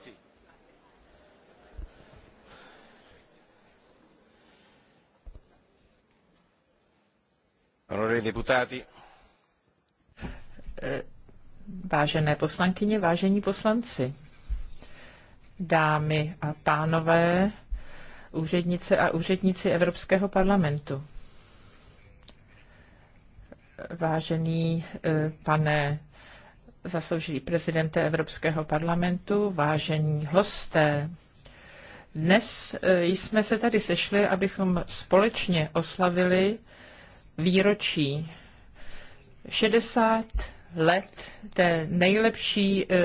así. Honorevoli deputati. Vážené poslankyně, vážení poslanci, dámy a pánové, úřednice a úředníci Evropského parlamentu. Vážený eh, pane zasloužilý prezidenté Evropského parlamentu, vážení hosté. Dnes e, jsme se tady sešli, abychom společně oslavili výročí 60 let té nejlepší, eh,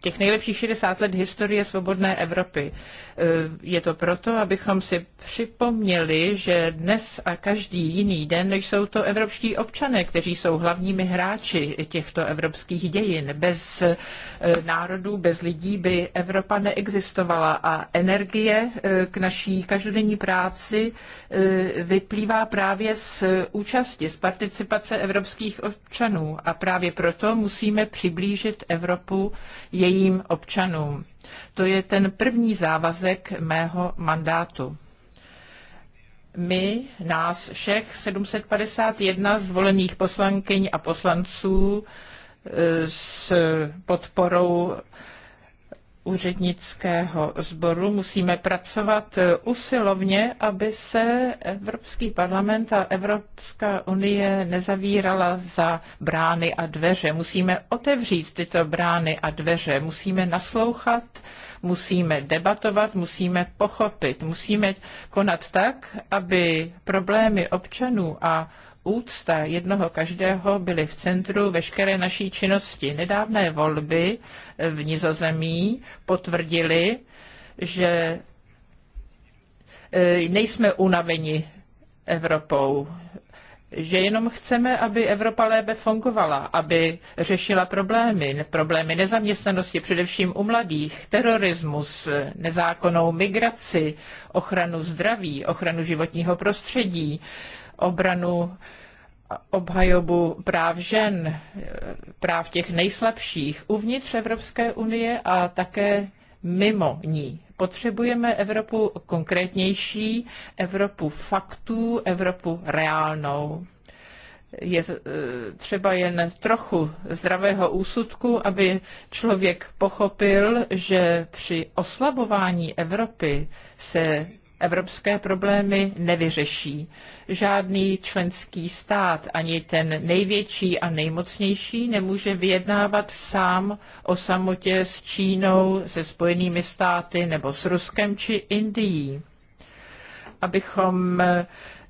těch nejlepších 60 let historie svobodné Evropy. Eh, je to proto, abychom si připomněli, že dnes a každý jiný den jsou to evropští občané, kteří jsou hlavními hráči těchto evropských dějin. Bez eh, národů, bez lidí by Evropa neexistovala a energie k naší každodenní práci vyplývá právě z účasti, z participace evropských občanů a právě pro proto musíme přiblížit Evropu jejím občanům. To je ten první závazek mého mandátu my, nás všech 751 zvolených poslankyň a poslanců e, s podporou úřednického sboru musíme pracovat eh, usilovně, aby se Evropský parlament a Evropská unie nezavírala za brány a dveře. Musíme otevřít tyto brány a dveře, musíme naslouchat, musíme debatovat, musíme pochopit, musíme konat tak, aby problémy občanů a úcta jednoho každého byly v centru veškeré naší činnosti. Nedávné volby v Nizozemí potvrdily, že e, nejsme unaveni Evropou, že jenom chceme, aby Evropa lépe fungovala, aby řešila problémy, problémy nezaměstnanosti, především u mladých, terorismus, nezákonnou migraci, ochranu zdraví, ochranu životního prostředí, obranu obhajobu práv žen, práv těch nejslabších uvnitř Evropské unie a také mimo ní. Potřebujeme Evropu konkrétnější, Evropu faktů, Evropu reálnou. Je eh, třeba jen trochu zdravého úsudku, aby člověk pochopil, že při oslabování Evropy se evropské problémy nevyřeší. Žádný členský stát, ani ten největší a nejmocnější, nemůže vyjednávat sám o samotě s Čínou, se Spojenými státy nebo s Ruskem či Indií. Abychom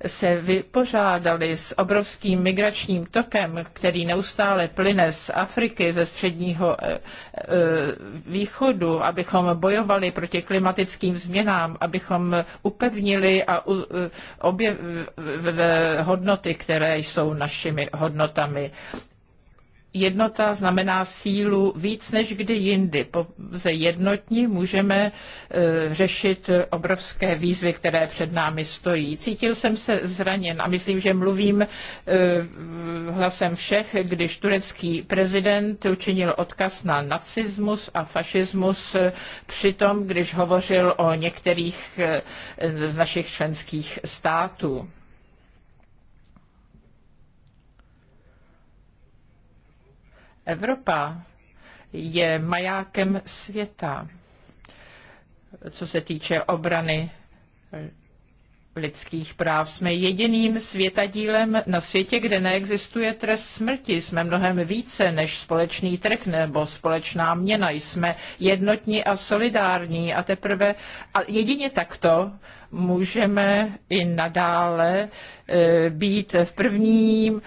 se vypořádali s obrovským migračním tokem, který neustále plyne z Afriky, ze středního eh, eh, východu, abychom bojovali proti klimatickým změnám, abychom upevnili a eh, obě hodnoty, které jsou našimi hodnotami jednota znamená sílu víc než kdy jindy. Pouze jednotní můžeme e, řešit obrovské výzvy, které před námi stojí. Cítil jsem se zraněn a myslím, že mluvím e, hlasem všech, když turecký prezident učinil odkaz na nacismus a fašismus e, přitom, když hovořil o některých z našich členských států. Evropa je majákem světa, co se týče obrany lidských práv. Jsme jediným světadílem na světě, kde neexistuje trest smrti. Jsme mnohem více než společný trh nebo společná měna. Jsme jednotní a solidární a teprve a jedině takto můžeme i nadále e, být v prvním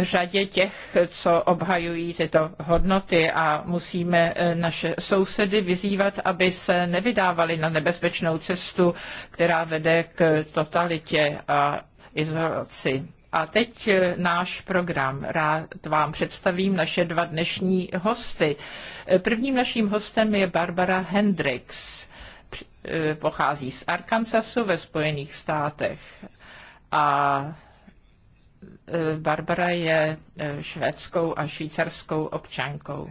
řadě těch, co obhajují tyto hodnoty a musíme e, naše sousedy vyzývat, aby se nevydávali na nebezpečnou cestu, která vede k totalitě a izolaci. A teď e, náš program. Rád vám představím naše dva dnešní hosty. Prvním naším hostem je Barbara Hendricks Eh, pochází z Arkansasu ve Spojených státech. A eh, Barbara je eh, švédskou a švýcarskou občankou.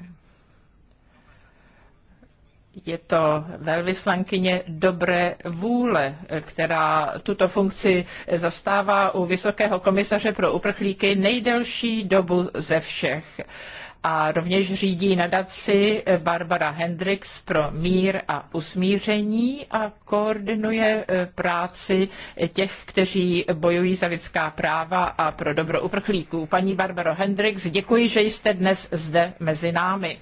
Je to velvyslankyně dobré vůle, která tuto funkci zastává u Vysokého komisaře pro uprchlíky nejdelší dobu ze všech a rovněž řídí nadaci Barbara Hendricks pro mír a usmíření a koordinuje e, práci těch, kteří bojují za lidská práva a pro dobro uprchlíků. Paní Barbara Hendricks, děkuji, že jste dnes zde mezi námi.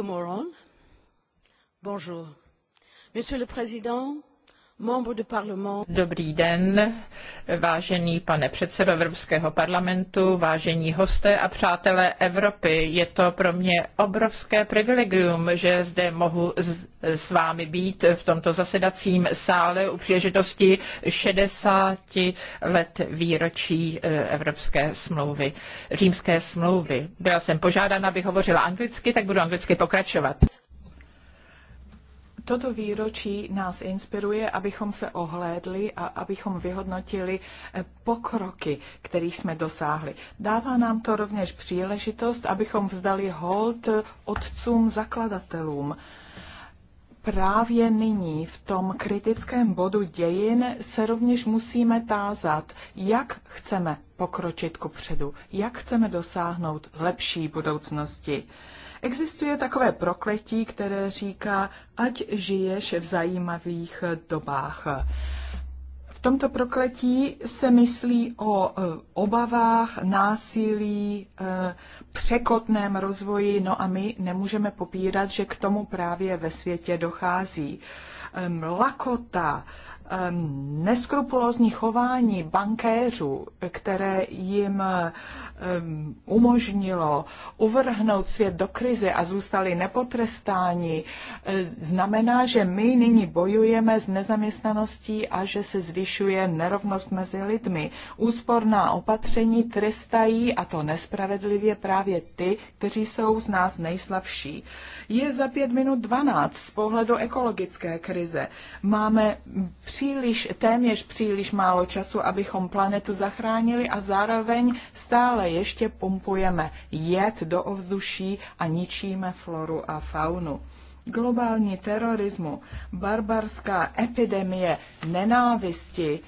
Gomoron. Bonjour. Monsieur le Président, Dobrý den, vážený pane předsedo Evropského parlamentu, vážení hosté a přátelé Evropy. Je to pro mě obrovské privilegium, že zde mohu s vámi být v tomto zasedacím sále u příležitosti 60 let výročí e, Evropské smlouvy, římské smlouvy. Byla jsem požádána, abych hovořila anglicky, tak budu anglicky pokračovat. Toto výročí nás inspiruje, abychom se ohlédli a abychom vyhodnotili eh, pokroky, které jsme dosáhli. Dává nám to rovněž příležitost, abychom vzdali hold otcům zakladatelům. Právě nyní, v tom kritickém bodu dějin, se rovněž musíme tázat, jak chceme pokročit ku předu, jak chceme dosáhnout lepší budoucnosti. Existuje takové prokletí, které říká, ať žiješ v zajímavých dobách. V tomto prokletí se myslí o e, obavách, násilí, e, překotném rozvoji, no a my nemůžeme popírat, že k tomu právě ve světě dochází. E, Lakota, neskrupulózní chování bankéřů, které jim umožnilo uvrhnout svět do krize a zůstali nepotrestáni, eh, znamená, že my nyní bojujeme s nezaměstnaností a že se zvyšuje nerovnost mezi lidmi. Úsporná opatření trestají, a to nespravedlivě, právě ty, kteří jsou z nás nejslabší je za pět minut 12 z pohledu ekologické krize. Máme příliš, téměř příliš málo času, abychom planetu zachránili a zároveň stále ještě pumpujeme jed do ovzduší a ničíme floru a faunu globální terorismu, barbarská epidemie nenávisti,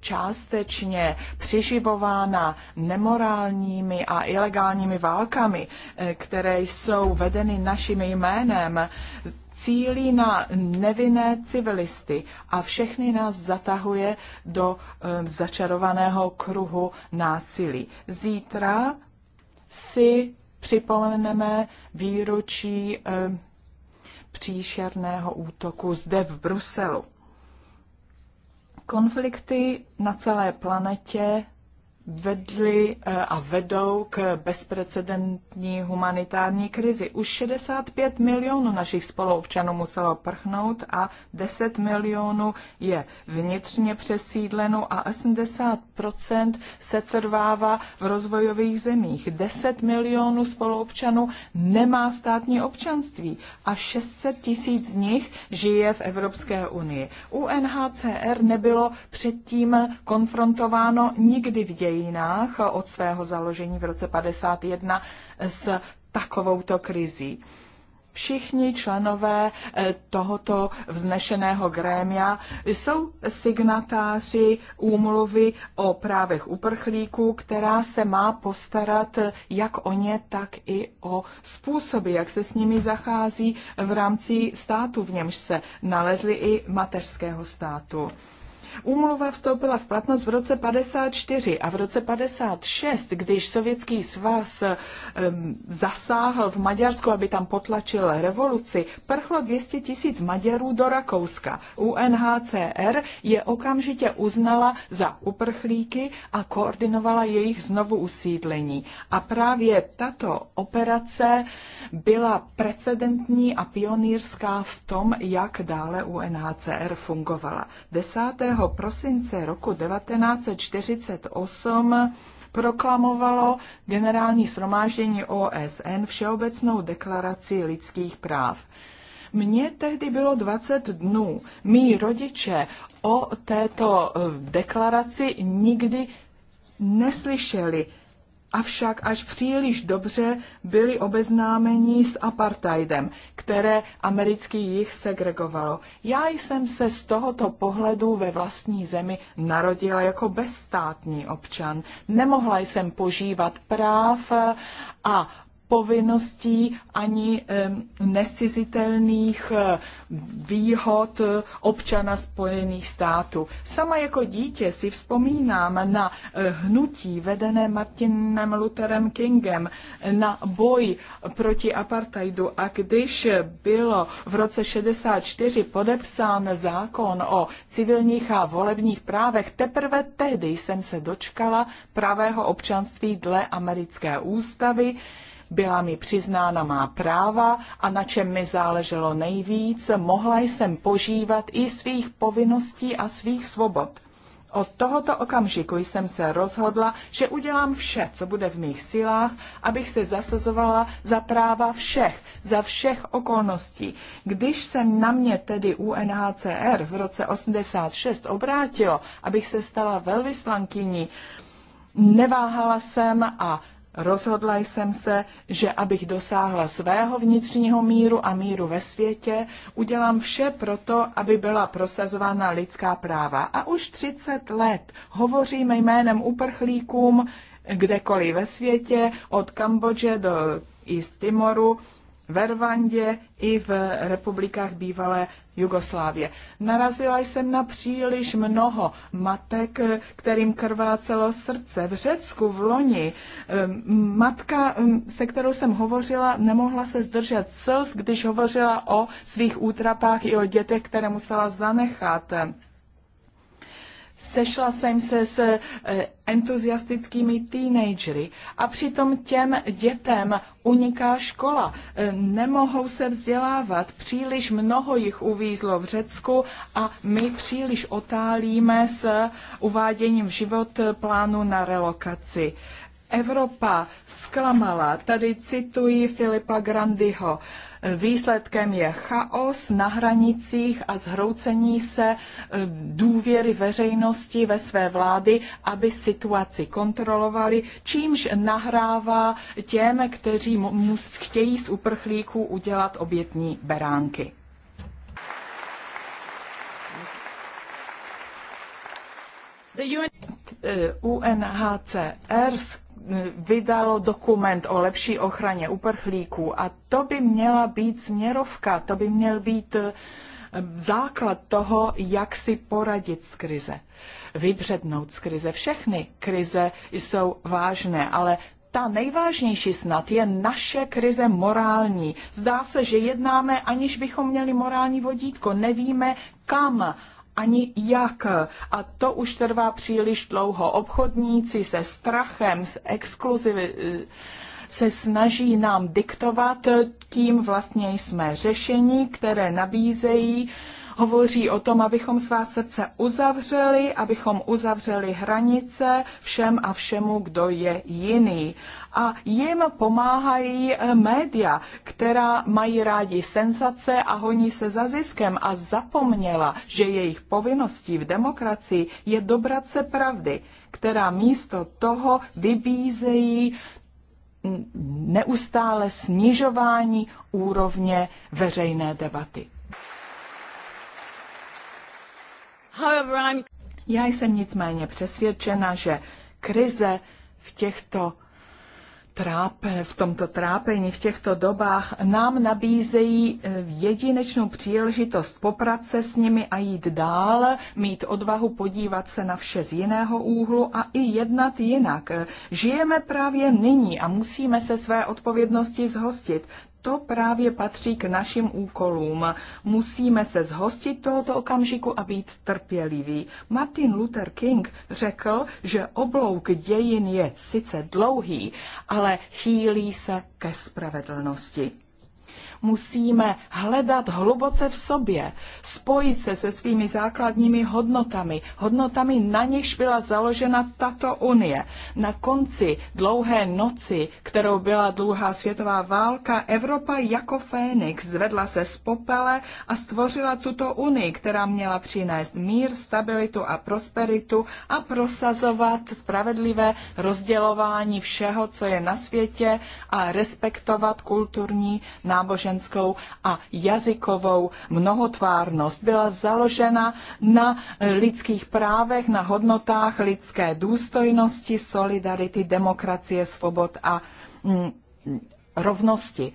částečně přiživována nemorálními a ilegálními válkami, eh, které jsou vedeny naším jménem, cílí na nevinné civilisty a všechny nás zatahuje do eh, začarovaného kruhu násilí. Zítra si připomeneme výročí eh, příšerného útoku zde v Bruselu. Konflikty na celé planetě vedly eh, a vedou k bezprecedentní humanitární krizi. Už 65 milionů našich spoluobčanů muselo prchnout a 10 milionů je vnitřně přesídleno a 80 se trvává v rozvojových zemích. 10 milionů spoluobčanů nemá státní občanství a 600 tisíc z nich žije v Evropské unii. UNHCR nebylo předtím konfrontováno nikdy v ději dějinách od svého založení v roce 51 s takovouto krizí. Všichni členové eh, tohoto vznešeného grémia jsou signatáři úmluvy o právech uprchlíků, která se má postarat jak o ně, tak i o způsoby, jak se s nimi zachází v rámci státu, v němž se nalezli i mateřského státu Úmluva vstoupila v platnost v roce 54 a v roce 56, když Sovětský svaz um, zasáhl v Maďarsku, aby tam potlačil revoluci, prchlo 200 tisíc Maďarů do Rakouska. UNHCR je okamžitě uznala za uprchlíky a koordinovala jejich znovu usídlení. A právě tato operace byla precedentní a pionýrská v tom, jak dále UNHCR fungovala. 10 prosince roku 1948 proklamovalo generální shromáždění OSN Všeobecnou deklaraci lidských práv. Mně tehdy bylo 20 dnů. Mí rodiče o této eh, deklaraci nikdy neslyšeli avšak až příliš dobře byli obeznámeni s apartheidem, které americký jich segregovalo. Já jsem se z tohoto pohledu ve vlastní zemi narodila jako bezstátní občan. Nemohla jsem požívat práv a povinností ani nescizitelných eh, výhod eh, občana Spojených států. Sama jako dítě si vzpomínám na eh, hnutí vedené Martinem Lutherem Kingem, na boj proti apartheidu a když bylo v roce 64 podepsán zákon o civilních a volebních právech, teprve tehdy jsem se dočkala pravého občanství dle americké ústavy, byla mi přiznána má práva a na čem mi záleželo nejvíc, mohla jsem požívat i svých povinností a svých svobod. Od tohoto okamžiku jsem se rozhodla, že udělám vše, co bude v mých silách, abych se zasazovala za práva všech, za všech okolností. Když se na mě tedy UNHCR v roce 86 obrátilo, abych se stala velvyslankyní, neváhala jsem a Rozhodla jsem se, že abych dosáhla svého vnitřního míru a míru ve světě, udělám vše proto, aby byla prosazována lidská práva. A už 30 let hovoříme jménem uprchlíkům kdekoliv ve světě, od Kambodže do East Timoru, ve Rwandě i v republikách bývalé Jugoslávie. Narazila jsem na příliš mnoho matek, kterým krvácelo srdce. V Řecku v loni matka, se kterou jsem hovořila, nemohla se zdržet slz, když hovořila o svých útrapách i o dětech, které musela zanechat. Sešla jsem se s eh, entuziastickými teenagery a přitom těm dětem uniká škola. Eh, nemohou se vzdělávat, příliš mnoho jich uvízlo v Řecku a my příliš otálíme s uváděním v život eh, plánu na relokaci. Evropa zklamala, tady cituji Filipa Grandiho, výsledkem je chaos na hranicích a zhroucení se eh, důvěry veřejnosti ve své vlády, aby situaci kontrolovali, čímž nahrává těm, kteří mu chtějí z uprchlíků udělat obětní beránky. UNHCR vydalo dokument o lepší ochraně uprchlíků a to by měla být směrovka, to by měl být eh, základ toho, jak si poradit z krize, vybřednout z krize. Všechny krize jsou vážné, ale ta nejvážnější snad je naše krize morální. Zdá se, že jednáme, aniž bychom měli morální vodítko. Nevíme, kam ani jak. A to už trvá příliš dlouho. Obchodníci se strachem, s exkluzivy, se snaží nám diktovat, kým vlastně jsme řešení, které nabízejí hovoří o tom, abychom svá srdce uzavřeli, abychom uzavřeli hranice všem a všemu, kdo je jiný. A jim pomáhají eh, média, která mají rádi senzace a honí se za ziskem a zapomněla, že jejich povinností v demokracii je dobrat se pravdy, která místo toho vybízejí mm, neustále snižování úrovně veřejné debaty. Já jsem nicméně přesvědčena, že krize v těchto trápe, v tomto trápení, v těchto dobách nám nabízejí eh, jedinečnou příležitost poprat se s nimi a jít dál, mít odvahu podívat se na vše z jiného úhlu a i jednat jinak. Žijeme právě nyní a musíme se své odpovědnosti zhostit to právě patří k našim úkolům. Musíme se zhostit tohoto okamžiku a být trpěliví. Martin Luther King řekl, že oblouk dějin je sice dlouhý, ale chýlí se ke spravedlnosti musíme hledat hluboce v sobě, spojit se se svými základními hodnotami, hodnotami na nichž byla založena tato unie. Na konci dlouhé noci, kterou byla dlouhá světová válka, Evropa jako Fénix zvedla se z popele a stvořila tuto unii, která měla přinést mír, stabilitu a prosperitu a prosazovat spravedlivé rozdělování všeho, co je na světě a respektovat kulturní náboženství náboženskou a jazykovou mnohotvárnost. Byla založena na eh, lidských právech, na hodnotách lidské důstojnosti, solidarity, demokracie, svobod a mm, rovnosti.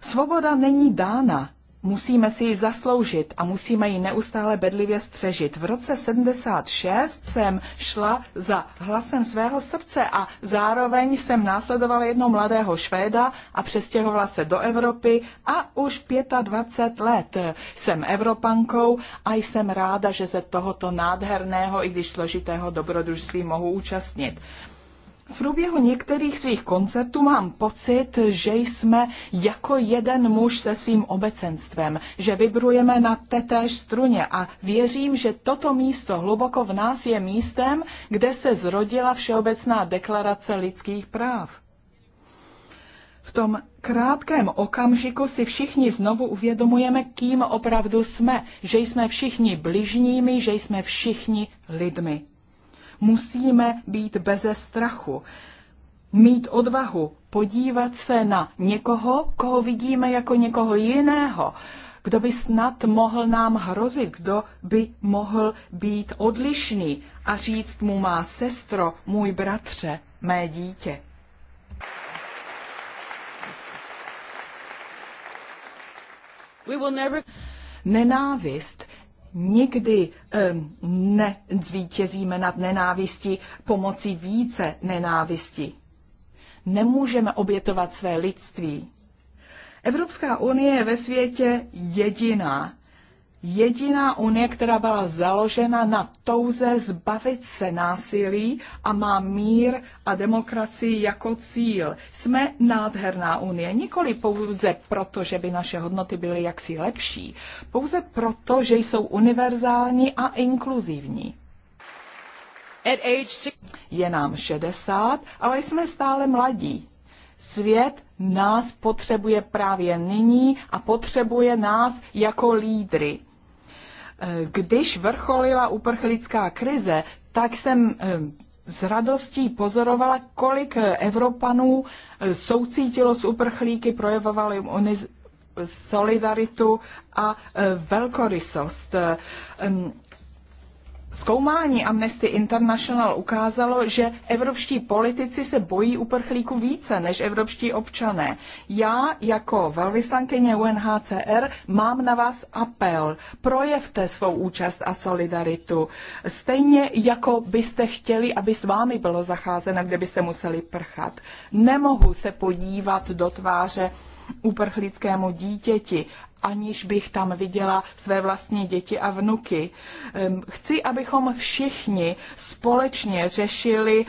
Svoboda není dána musíme si ji zasloužit a musíme ji neustále bedlivě střežit. V roce 76 jsem šla za hlasem svého srdce a zároveň jsem následovala jednou mladého Švéda a přestěhovala se do Evropy a už 25 let jsem Evropankou a jsem ráda, že se tohoto nádherného, i když složitého dobrodružství mohu účastnit. V průběhu některých svých koncertů mám pocit, že jsme jako jeden muž se svým obecenstvem, že vibrujeme na tetéž struně a věřím, že toto místo hluboko v nás je místem, kde se zrodila Všeobecná deklarace lidských práv. V tom krátkém okamžiku si všichni znovu uvědomujeme, kým opravdu jsme, že jsme všichni bližními, že jsme všichni lidmi. Musíme být beze strachu, mít odvahu, podívat se na někoho, koho vidíme jako někoho jiného, kdo by snad mohl nám hrozit, kdo by mohl být odlišný a říct mu má sestro, můj bratře, mé dítě. We will never... Nenávist nikdy um, nezvítězíme nad nenávistí pomocí více nenávisti. Nemůžeme obětovat své lidství. Evropská unie je ve světě jediná, jediná unie, která byla založena na touze zbavit se násilí a má mír a demokracii jako cíl. Jsme nádherná unie, nikoli pouze proto, že by naše hodnoty byly jaksi lepší, pouze proto, že jsou univerzální a inkluzivní. Je nám 60, ale jsme stále mladí. Svět nás potřebuje právě nyní a potřebuje nás jako lídry. Eh, když vrcholila uprchlická krize, tak jsem eh, s radostí pozorovala, kolik eh, Evropanů soucítilo s uprchlíky, projevovali oni solidaritu a velkorysost. Zkoumání Amnesty International ukázalo, že evropští politici se bojí uprchlíků více než evropští občané. Já jako velvyslankyně UNHCR mám na vás apel. Projevte svou účast a solidaritu. Stejně jako byste chtěli, aby s vámi bylo zacházeno, kde byste museli prchat. Nemohu se podívat do tváře uprchlickému dítěti aniž bych tam viděla své vlastní děti a vnuky. Chci, abychom všichni společně řešili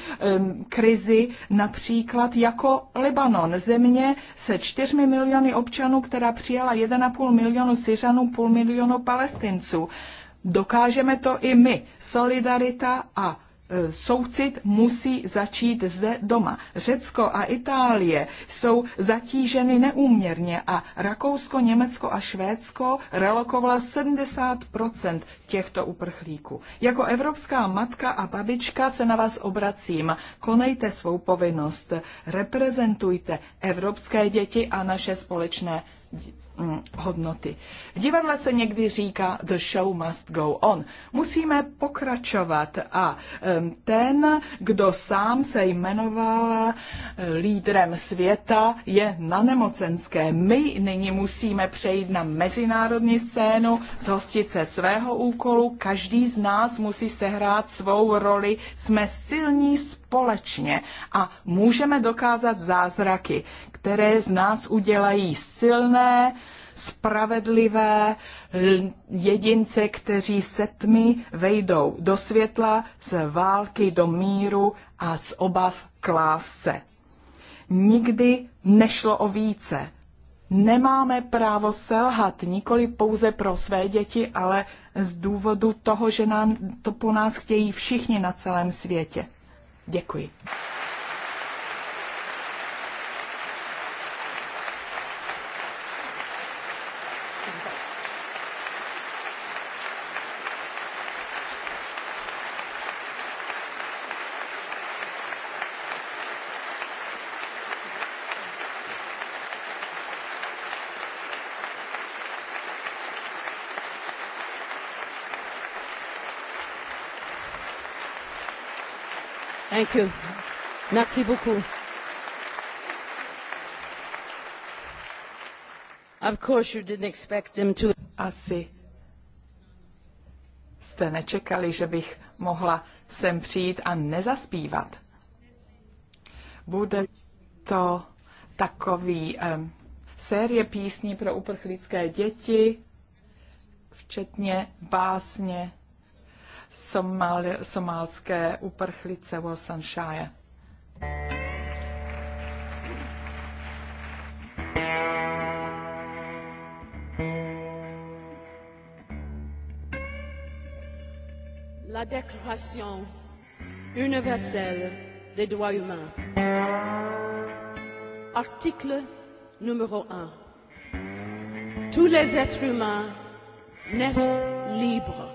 krizi například jako Libanon, země se čtyřmi miliony občanů, která přijala 1,5 milionu Syřanů, půl milionu Palestinců. Dokážeme to i my. Solidarita a soucit musí začít zde doma. Řecko a Itálie jsou zatíženy neúměrně a Rakousko, Německo a Švédsko relokovala 70 těchto uprchlíků. Jako evropská matka a babička se na vás obracím. Konejte svou povinnost, reprezentujte evropské děti a naše společné Mm, hodnoty. V divadle se někdy říká the show must go on. Musíme pokračovat a ten, kdo sám se jmenoval eh, lídrem světa, je na nemocenské. My nyní musíme přejít na mezinárodní scénu, zhostit se svého úkolu, každý z nás musí sehrát svou roli, jsme silní společně a můžeme dokázat zázraky, které z nás udělají silné, spravedlivé jedince, kteří se tmy vejdou do světla, z války do míru a z obav k lásce. Nikdy nešlo o více. Nemáme právo selhat nikoli pouze pro své děti, ale z důvodu toho, že nám to po nás chtějí všichni na celém světě. Děkuji. Thank you. Merci beaucoup. Of course you didn't expect him to. Asi jste nečekali, že bych mohla sem přijít a nezaspívat. Bude to takový um, série písní pro uprchlické děti, včetně básně Somál, somálské uprchlice Wilsonshire. La Déclaration universelle des droits humains. Article numéro 1. Tous les êtres humains naissent libres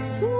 Jsou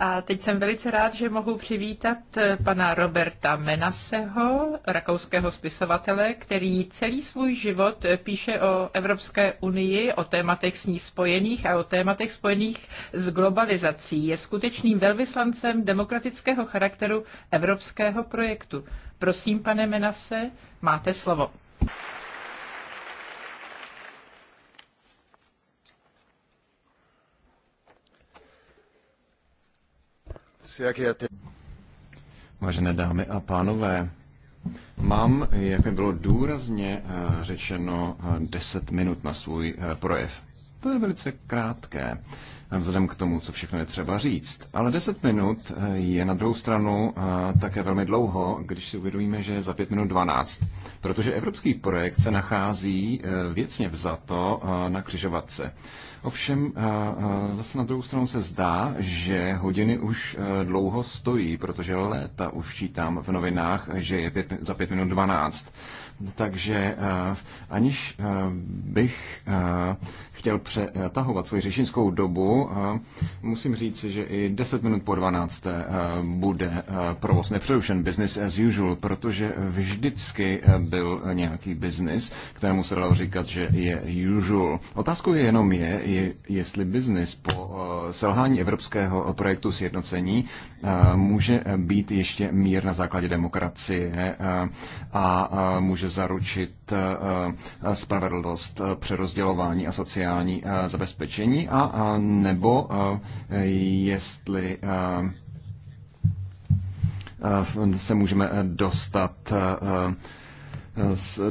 a teď jsem velice rád, že mohu přivítat eh, pana Roberta Menaseho, rakouského spisovatele, který celý svůj život eh, píše o Evropské unii, o tématech s ní spojených a o tématech spojených s globalizací. Je skutečným velvyslancem demokratického charakteru evropského projektu. Prosím, pane Menase, máte slovo. Vážené dámy a pánové, mám, jak mi bylo důrazně eh, řečeno, 10 eh, minut na svůj eh, projev. To je velice krátké, vzhledem k tomu, co všechno je třeba říct. Ale 10 minut je na druhou stranu také velmi dlouho, když si uvědomíme, že je za 5 minut 12. Protože evropský projekt se nachází e, věcně vzato e, na křižovatce. Ovšem, e, zase na druhou stranu se zdá, že hodiny už dlouho stojí, protože léta už čítám v novinách, že je pět, za 5 minut 12. Takže eh, aniž eh, bych eh, chtěl přetahovat svoji řešinskou dobu, musím říct, že i 10 minut po 12. bude provoz nepřerušen business as usual, protože vždycky byl nějaký business, kterému se dalo říkat, že je usual. Otázkou je jenom je, jestli business po selhání evropského projektu sjednocení může být ještě mír na základě demokracie a může může zaručit eh, spravedlnost, eh, přerozdělování a sociální eh, zabezpečení, a nebo jestli se můžeme dostat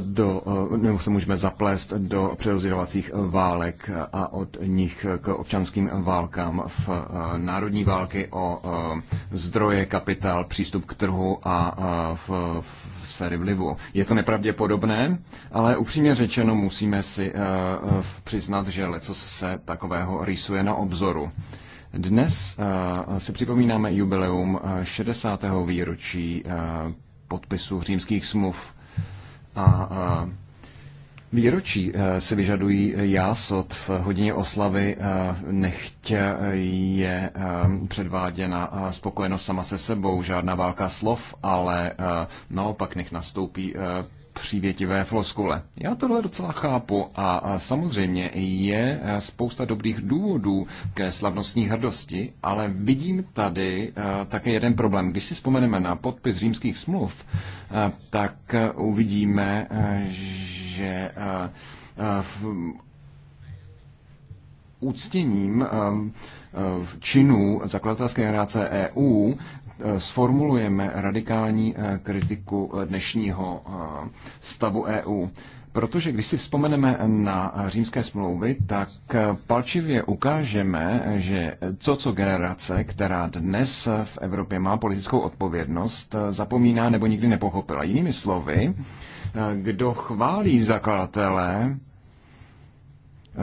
do, eh, nebo se můžeme zaplést do přerozdělovacích válek a od nich k občanským válkám v eh, národní války o eh, zdroje, kapitál, přístup k trhu a v, v sféry vlivu. Je to nepravděpodobné, ale upřímně řečeno musíme si přiznat, že leco se takového rýsuje na obzoru. Dnes si připomínáme jubileum 60. výročí podpisu římských smluv a Výročí se vyžadují jásot v hodině oslavy, e, nechť je e, předváděna spokojenost sama se sebou, žádná válka slov, ale e, naopak nech nastoupí přívětivé floskule. Já tohle docela chápu a samozřejmě je spousta dobrých důvodů ke slavnostní hrdosti, ale vidím tady e, také jeden problém. Když si vzpomeneme na podpis římských smluv, e, tak uvidíme, e, že úctěním činů zakladatelské generace EU Eh, sformulujeme radikální eh, kritiku eh, dnešního stavu EU. Protože když si vzpomeneme na římské smlouvy, tak palčivě ukážeme, že co co generace, která dnes v Evropě má politickou odpovědnost, zapomíná nebo nikdy nepochopila. Jinými slovy, kdo chválí zakladatele,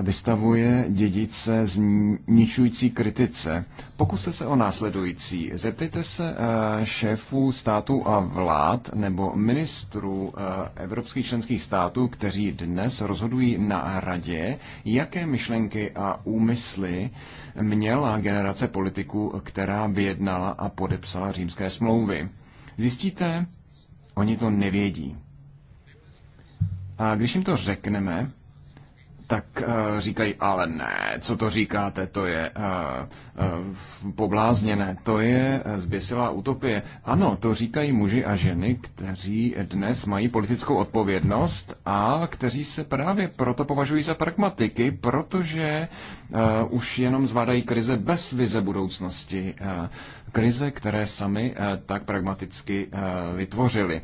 vystavuje dědice zničující kritice. Pokuste se o následující. Zeptejte se eh, šéfů států a vlád nebo ministrů eh, evropských členských států, kteří dnes rozhodují na radě, jaké myšlenky a úmysly měla generace politiků, která vyjednala a podepsala římské smlouvy. Zjistíte, oni to nevědí. A když jim to řekneme, tak eh, říkají, ale ne, co to říkáte, to je eh, eh, poblázněné, to je zběsilá utopie. Ano, to říkají muži a ženy, kteří dnes mají politickou odpovědnost a kteří se právě proto považují za pragmatiky, protože už jenom zvládají krize bez vize budoucnosti. Krize, které sami tak pragmaticky vytvořili.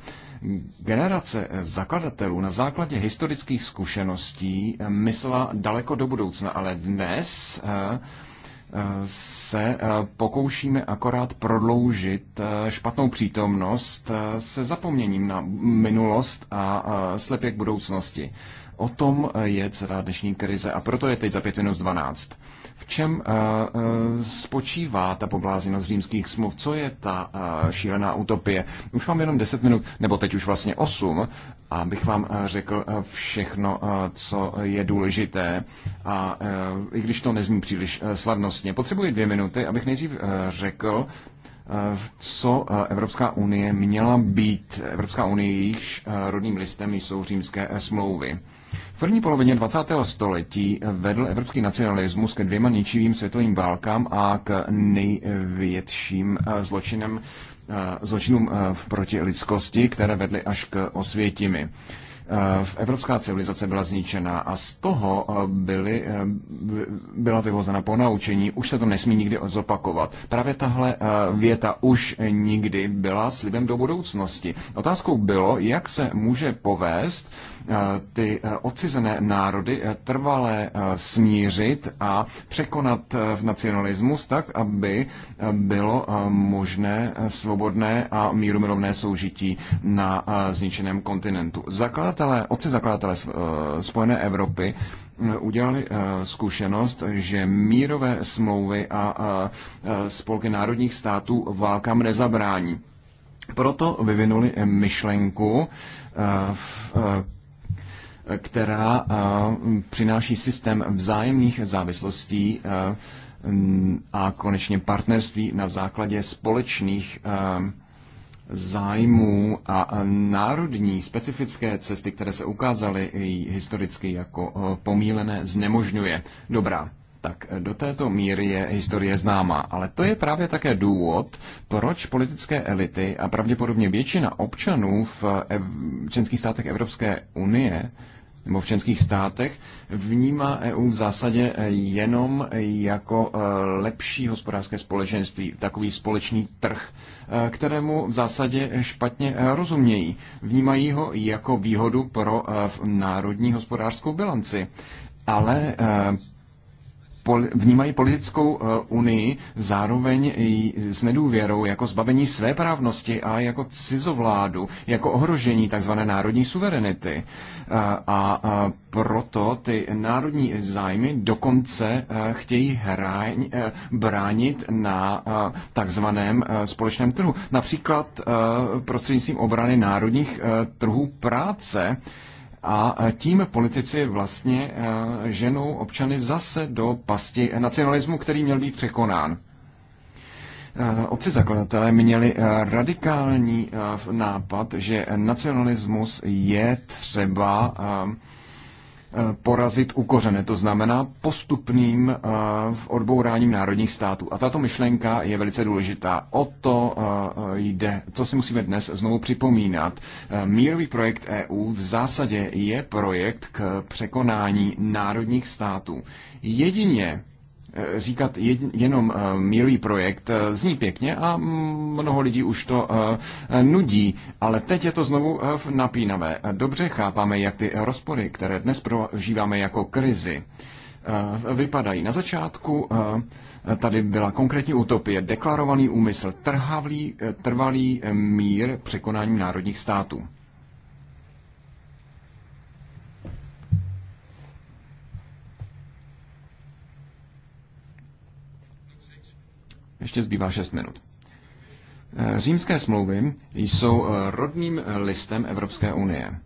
Generace zakladatelů na základě historických zkušeností uh, myslela daleko do budoucna, ale dnes eh, eh, se eh, pokoušíme akorát prodloužit špatnou přítomnost se zapomněním na minulost a slepě k budoucnosti. O tom je celá dnešní krize a proto je teď za pět minut 12 čem eh, eh, spočívá ta poblázněnost římských smluv? Co je ta eh, šílená utopie? Už mám jenom 10 minut, nebo teď už vlastně 8, abych vám řekl všechno, co je důležité. A i když to nezní příliš slavnostně, potřebuji dvě minuty, abych nejdřív řekl, co Evropská unie měla být. Evropská unie, jejíž rodným listem jsou římské smlouvy. V první polovině 20. století vedl evropský nacionalismus ke dvěma ničivým světovým válkám a k největším eh, zločinem, eh, zločinům eh, proti lidskosti, které vedly až k osvětimi. Evropská civilizace byla zničena a z toho byly, byla vyvozena ponaučení, už se to nesmí nikdy zopakovat. Právě tahle věta už nikdy byla slibem do budoucnosti. Otázkou bylo, jak se může povést, Eh, ty eh, odcizené národy eh, trvalé smířit a překonat v nacionalismus tak, aby bylo možné svobodné a mírumilovné soužití na zničeném kontinentu. Zakladatelé, otci zakladatelé Spojené Evropy udělali zkušenost, že mírové smlouvy a spolky národních států válkám nezabrání. Proto vyvinuli myšlenku, v která eh, přináší systém vzájemných závislostí eh, a konečně partnerství na základě společných eh, zájmů a národní specifické cesty, které se ukázaly historicky jako pomílené, znemožňuje. Dobrá, tak do této míry je historie známá, ale to je právě také důvod, proč politické elity a pravděpodobně většina občanů v členských státech Evropské unie nebo v členských státech, vnímá EU v zásadě e, jenom e, jako e, lepší hospodářské společenství, takový společný trh, kterému v zásadě špatně rozumějí. Vnímají ho jako výhodu pro národní hospodářskou bilanci. Ale vnímají politickou eh, unii zároveň i s nedůvěrou jako zbavení své právnosti a jako cizovládu, jako ohrožení tzv. národní suverenity. Eh, a eh, proto ty národní zájmy dokonce chtějí hraň, bránit na takzvaném společném trhu. Například prostřednictvím obrany národních trhů práce, a e, tím politici vlastně e, ženou občany zase do pasti nacionalismu, který měl být překonán. E, otci zakladatelé měli radikální nápad, že nacionalismus je třeba Eh, porazit u kořene, to znamená postupným eh, odbouráním národních států. A tato myšlenka je velice důležitá. O to eh, jde, co si musíme dnes znovu připomínat. Mírový projekt EU v zásadě je projekt k překonání národních států. Jedině Eh, říkat jenom eh, mírový projekt eh, zní pěkně a mnoho lidí už to nudí, ale teď je to znovu napínavé. Dobře chápáme, jak ty rozpory, které dnes prožíváme jako krizi, vypadají. Na začátku tady byla konkrétní utopie, deklarovaný úmysl, trhavlý, trvalý mír překonáním národních států. Ještě zbývá 6 minut. Eh, římské smlouvy jsou eh, rodným listem Evropské unie.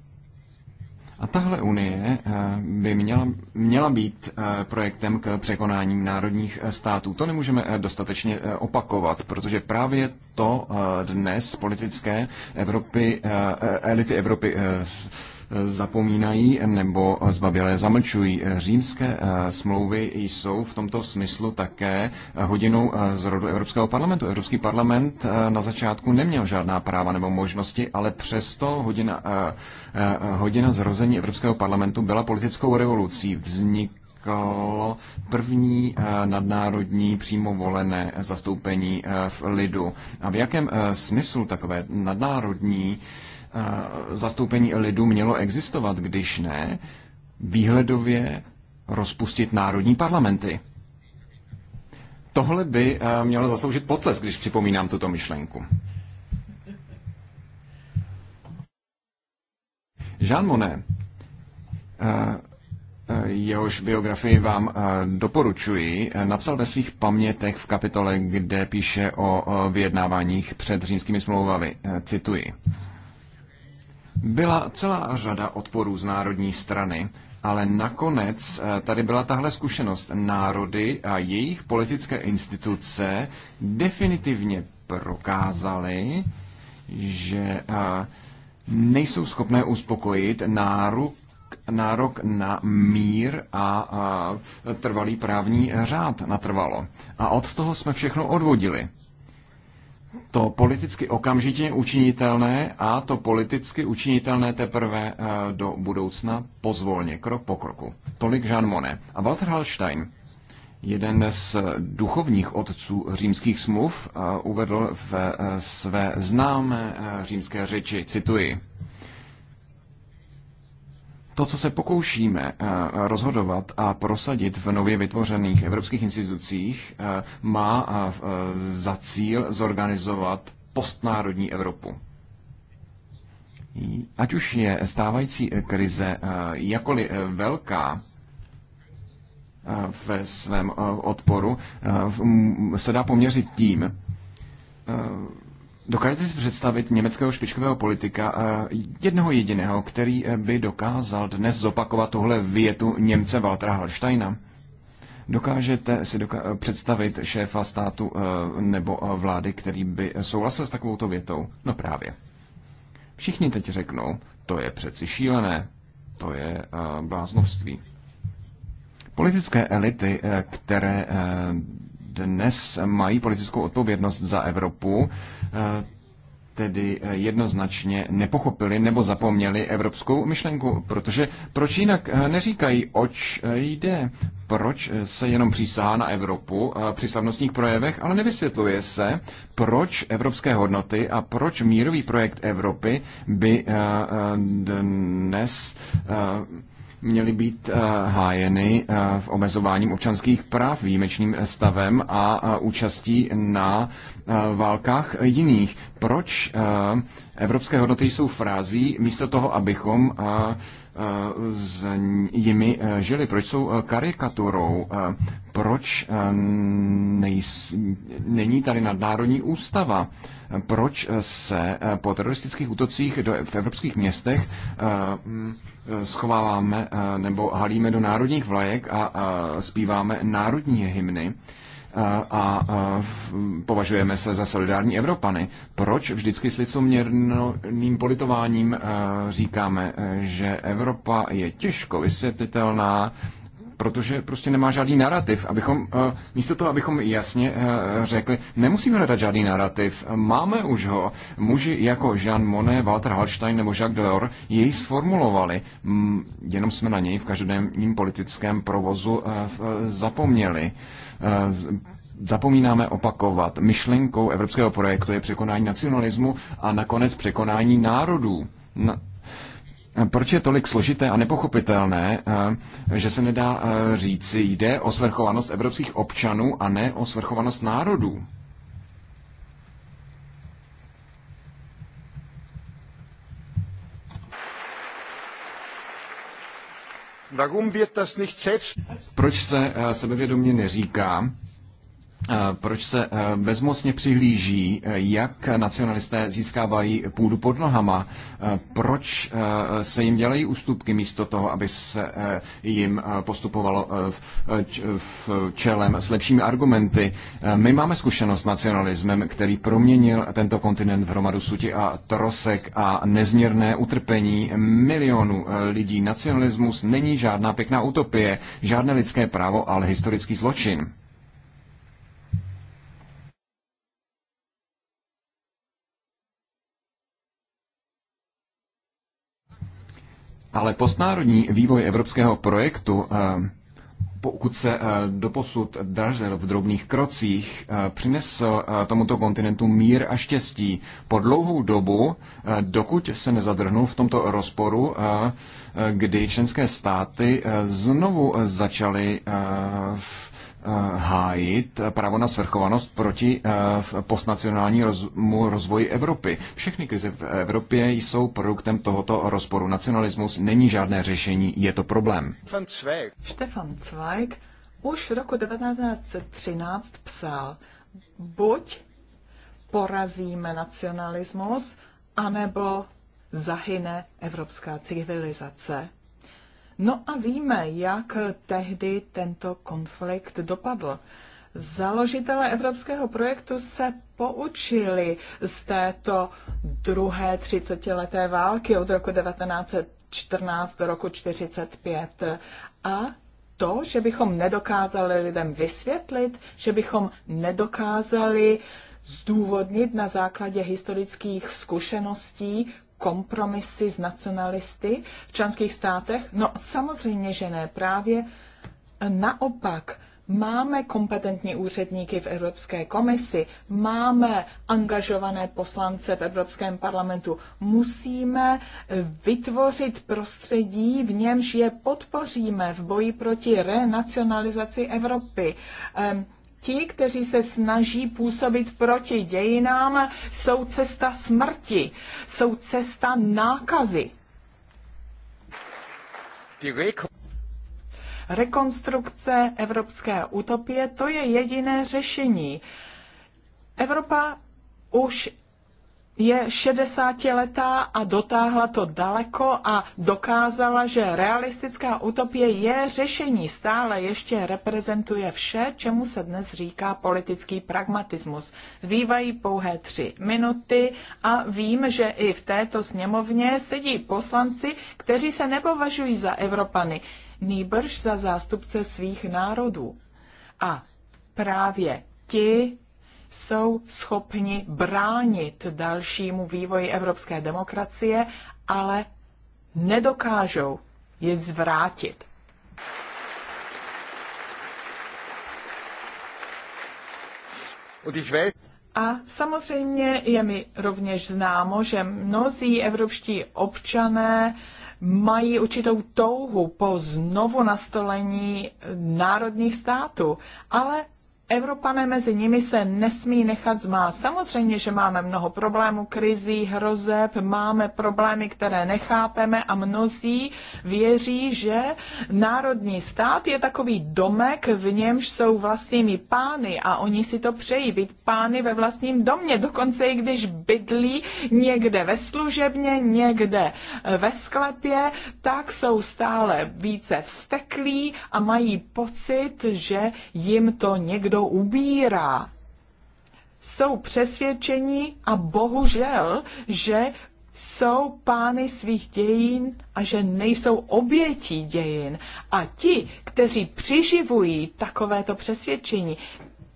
A tahle unie eh, by měla, měla být projektem k překonání národních států. To nemůžeme dostatečně opakovat, protože právě to dnes politické Evropy, elity Evropy zapomínají nebo zbabělé zamlčují. Římské eh, smlouvy jsou v tomto smyslu také hodinou eh, z rodu Evropského parlamentu. Evropský parlament eh, na začátku neměl žádná práva nebo možnosti, ale přesto hodina, hodina zrození Evropského parlamentu byla politickou revolucí. Vznik první nadnárodní přímo volené zastoupení v lidu. A v jakém smyslu takové nadnárodní Eh, zastoupení lidu mělo existovat, když ne, výhledově rozpustit národní parlamenty. Tohle by eh, mělo zasloužit potlesk, když připomínám tuto myšlenku. Jean Monnet, eh, jehož biografii vám doporučuji, napsal ve svých pamětech v kapitole, kde píše o vyjednáváních před římskými smlouvami. Cituji. Byla celá řada odporů z národní strany, ale nakonec eh, tady byla tahle zkušenost. Národy a jejich politické instituce definitivně prokázaly, že eh, nejsou schopné uspokojit nárok, nárok na mír a, a eh, trvalý právní řád natrvalo. A od toho jsme všechno odvodili to politicky okamžitě učinitelné a to politicky učinitelné teprve eh, do budoucna pozvolně, krok po kroku. Tolik Jean Monnet. A Walter Hallstein, jeden z duchovních otců římských smluv, eh, uvedl v eh, své známé římské řeči, cituji, to, co se pokoušíme eh, rozhodovat a prosadit v nově vytvořených evropských institucích, eh, má eh, za cíl zorganizovat postnárodní Evropu. Ať už je stávající krize jakoli velká, ve svém odporu se dá poměřit tím, Dokážete si představit německého špičkového politika, eh, jednoho jediného, který eh, by dokázal dnes zopakovat tuhle větu Němce Waltera Hallsteina? Dokážete si doka- eh, představit šéfa státu nebo vlády, který by souhlasil s takovouto větou? No právě. Všichni teď řeknou, to je přeci šílené, to je bláznovství. Politické elity, které dnes mají politickou odpovědnost za Evropu, eh, tedy eh, jednoznačně nepochopili nebo zapomněli evropskou myšlenku, protože proč jinak eh, neříkají, oč jde, proč se jenom přísahá na Evropu při slavnostních projevech, ale nevysvětluje se, proč evropské hodnoty a proč mírový projekt Evropy by dnes měly být eh, hájeny eh, v omezováním občanských práv, výjimečným stavem a eh, účastí na válkách jiných. Proč evropské hodnoty jsou frází, místo toho, abychom s jimi eh, žili, proč jsou eh, karikaturou, eh, proč nejs, není tady nadnárodní ústava, proč se po teroristických útocích do, v evropských městech hm, schováváme nebo halíme do národních vlajek a zpíváme národní hymny a považujeme se za solidární Evropany. Proč vždycky s licoměrným politováním eh, říkáme, eh, že Evropa je těžko vysvětlitelná, protože prostě nemá žádný narrativ. Abychom, eh, místo toho, abychom jasně eh, řekli, nemusíme hledat žádný narrativ, máme už ho. Muži jako Jean Monnet, Walter Hallstein nebo Jacques Delors jej sformulovali, jenom jsme na něj v každodenním politickém provozu eh, zapomněli zapomínáme opakovat. Myšlenkou evropského projektu je překonání nacionalismu a nakonec překonání národů. Na, proč je tolik složité a nepochopitelné, eh, že se nedá eh, říci, jde o svrchovanost evropských občanů a ne o svrchovanost národů? Proč se eh, sebevědomě neříká, Eh, proč se eh, bezmocně přihlíží, eh, jak nacionalisté získávají půdu pod nohama, proč se jim dělají ústupky místo toho, aby se jim postupovalo v čelem s lepšími argumenty. My máme zkušenost s nacionalismem, který proměnil tento kontinent v hromadu suti a trosek a nezměrné utrpení milionů lidí. Nacionalismus není žádná pěkná utopie, žádné lidské právo, ale historický zločin. Ale postnárodní vývoj evropského projektu, eh, pokud se eh, doposud dražel v drobných krocích, eh, přinesl tomuto kontinentu mír a štěstí. Po dlouhou dobu, dokud se nezadrhnul v tomto rozporu, kdy členské státy znovu začaly v hájit právo na svrchovanost proti eh, rozmu rozvoji Evropy. Všechny krize v Evropě jsou produktem tohoto rozporu. Nacionalismus není žádné řešení, je to problém. Stefan Zweig už v roku 1913 psal, buď porazíme nacionalismus, anebo zahyne evropská civilizace. No a víme, jak tehdy tento konflikt dopadl. Založitelé evropského projektu se poučili z této druhé třicetileté války od roku 1914 do roku 1945 a to, že bychom nedokázali lidem vysvětlit, že bychom nedokázali zdůvodnit na základě historických zkušeností, kompromisy s nacionalisty v členských státech? No samozřejmě, že ne. Právě naopak máme kompetentní úředníky v Evropské komisi, máme angažované poslance v Evropském parlamentu. Musíme vytvořit prostředí, v němž je podpoříme v boji proti renacionalizaci Evropy ti, kteří se snaží působit proti dějinám, jsou cesta smrti, jsou cesta nákazy. Rekonstrukce evropské utopie, to je jediné řešení. Evropa už je 60 letá a dotáhla to daleko a dokázala, že realistická utopie je řešení. Stále ještě reprezentuje vše, čemu se dnes říká politický pragmatismus. Zbývají pouhé tři minuty a vím, že i v této sněmovně sedí poslanci, kteří se nepovažují za Evropany, nýbrž za zástupce svých národů. A právě ti jsou schopni bránit dalšímu vývoji evropské demokracie, ale nedokážou je zvrátit. A samozřejmě je mi rovněž známo, že mnozí evropští občané mají určitou touhu po znovu nastolení národních států, ale Evropané mezi nimi se nesmí nechat zmá. Samozřejmě, že máme mnoho problémů, krizí, hrozeb, máme problémy, které nechápeme a mnozí věří, že národní stát je takový domek, v němž jsou vlastními pány a oni si to přejí, být pány ve vlastním domě, dokonce i když bydlí někde ve služebně, někde e, ve sklepě, tak jsou stále více vsteklí a mají pocit, že jim to někdo někdo ubírá. Jsou přesvědčení a bohužel, že jsou pány svých dějin a že nejsou obětí dějin. A ti, kteří přiživují takovéto přesvědčení,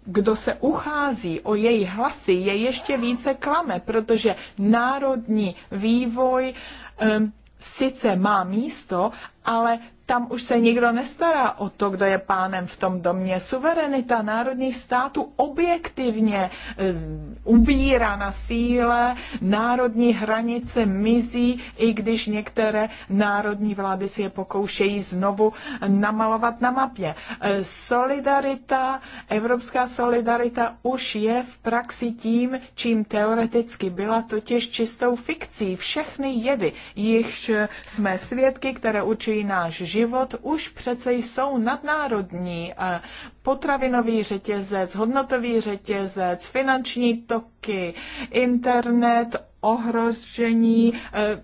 kdo se uchází o její hlasy, je ještě více klame, protože národní vývoj um, sice má místo, ale tam už se nikdo nestará o to, kdo je pánem v tom domě. Suverenita národních států objektivně eh, ubírá na síle, národní hranice mizí, i když některé národní vlády si je pokoušejí znovu namalovat na mapě. Eh, solidarita, evropská solidarita už je v praxi tím, čím teoreticky byla, totiž čistou fikcí. Všechny jedy, jichž jsme svědky, které učí náš život, život už přece jsou nadnárodní. Potravinový řetězec, hodnotový řetězec, finanční toky, internet, ohrožení eh,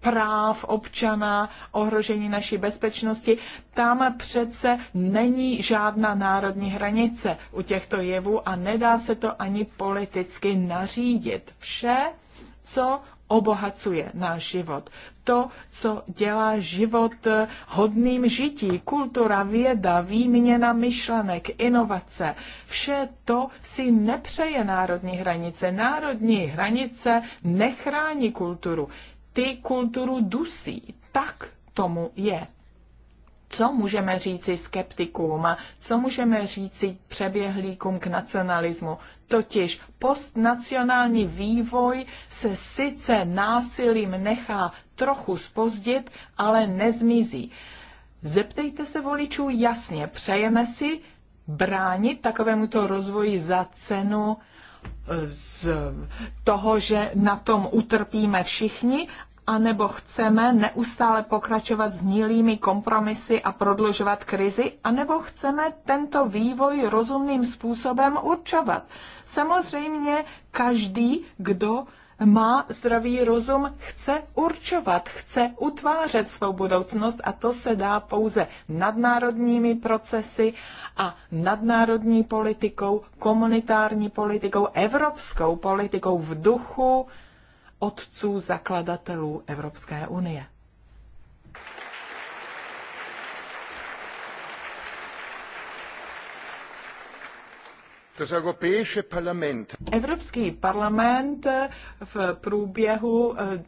práv občana, ohrožení naší bezpečnosti. Tam přece není žádná národní hranice u těchto jevů a nedá se to ani politicky nařídit. Vše, co obohacuje náš život. To, co dělá život hodným žití, kultura, věda, výměna myšlenek, inovace, vše to si nepřeje národní hranice. Národní hranice nechrání kulturu. Ty kulturu dusí. Tak tomu je co můžeme říci skeptikům, co můžeme říci přeběhlíkům k nacionalismu. Totiž postnacionální vývoj se sice násilím nechá trochu spozdit, ale nezmizí. Zeptejte se voličů jasně, přejeme si bránit takovémuto rozvoji za cenu eh, z toho, že na tom utrpíme všichni, anebo chceme neustále pokračovat s nílými kompromisy a prodlužovat krizi, anebo chceme tento vývoj rozumným způsobem určovat. Samozřejmě každý, kdo má zdravý rozum, chce určovat, chce utvářet svou budoucnost a to se dá pouze nadnárodními procesy a nadnárodní politikou, komunitární politikou, evropskou politikou v duchu otců zakladatelů Evropské unie. Evropský parlament v průběhu eh,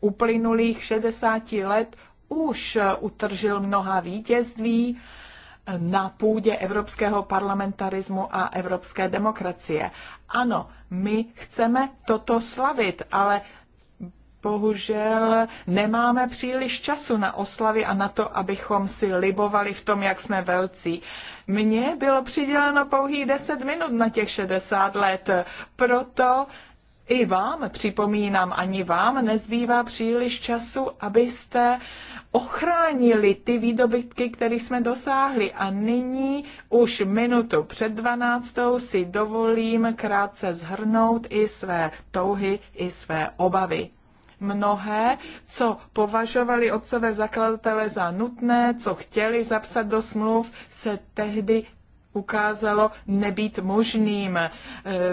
uplynulých 60 let už utržil mnoha vítězství eh, na půdě evropského parlamentarismu a evropské demokracie. Ano, my chceme toto slavit, ale bohužel nemáme příliš času na oslavy a na to, abychom si libovali v tom, jak jsme velcí. Mně bylo přiděleno pouhých 10 minut na těch 60 let, proto i vám, připomínám, ani vám nezbývá příliš času, abyste ochránili ty výdobytky, které jsme dosáhli. A nyní už minutu před 12. si dovolím krátce zhrnout i své touhy, i své obavy mnohé, co považovali otcové zakladatele za nutné, co chtěli zapsat do smluv, se tehdy ukázalo nebýt možným. E,